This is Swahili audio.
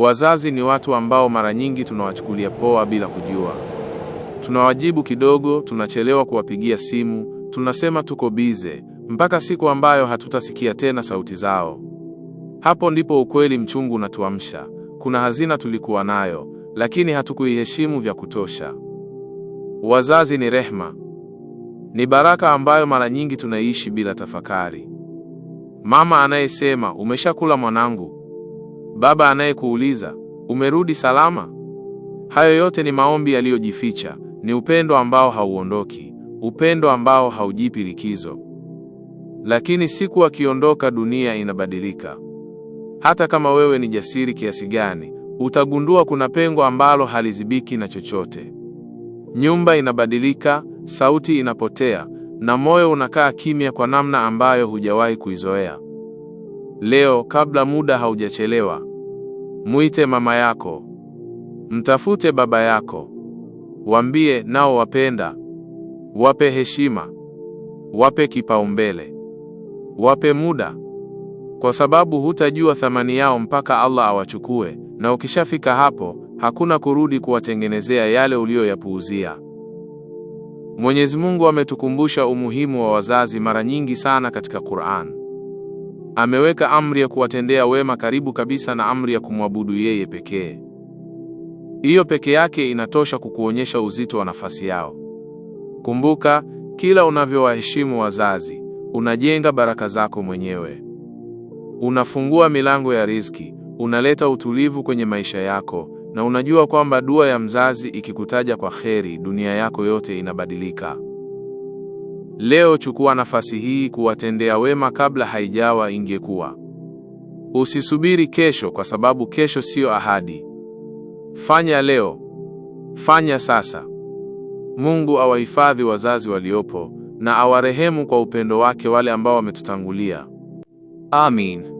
Wazazi ni watu ambao mara nyingi tunawachukulia poa bila kujua. Tunawajibu kidogo, tunachelewa kuwapigia simu, tunasema tuko bize, mpaka siku ambayo hatutasikia tena sauti zao. Hapo ndipo ukweli mchungu unatuamsha. Kuna hazina tulikuwa nayo, lakini hatukuiheshimu vya kutosha. Wazazi ni rehma ni baraka ambayo mara nyingi tunaishi bila tafakari. Mama anayesema umeshakula mwanangu baba anayekuuliza umerudi salama. Hayo yote ni maombi yaliyojificha, ni upendo ambao hauondoki, upendo ambao haujipi likizo. Lakini siku akiondoka, dunia inabadilika. Hata kama wewe ni jasiri kiasi gani, utagundua kuna pengo ambalo halizibiki na chochote. Nyumba inabadilika, sauti inapotea, na moyo unakaa kimya kwa namna ambayo hujawahi kuizoea. Leo, kabla muda haujachelewa Mwite mama yako, mtafute baba yako, waambie nao wapenda, wape heshima, wape kipaumbele, wape muda, kwa sababu hutajua thamani yao mpaka Allah awachukue, na ukishafika hapo hakuna kurudi kuwatengenezea yale uliyoyapuuzia. Mwenyezi Mungu ametukumbusha umuhimu wa wazazi mara nyingi sana katika Qur'an. Ameweka amri ya kuwatendea wema karibu kabisa na amri ya kumwabudu yeye pekee. Hiyo peke yake inatosha kukuonyesha uzito wa nafasi yao. Kumbuka, kila unavyowaheshimu wazazi, unajenga baraka zako mwenyewe. Unafungua milango ya riziki, unaleta utulivu kwenye maisha yako, na unajua kwamba dua ya mzazi ikikutaja kwa kheri, dunia yako yote inabadilika. Leo chukua nafasi hii kuwatendea wema kabla haijawa ingekuwa. Usisubiri kesho, kwa sababu kesho siyo ahadi. Fanya leo, fanya sasa. Mungu awahifadhi wazazi waliopo na awarehemu kwa upendo wake wale ambao wametutangulia. Amin.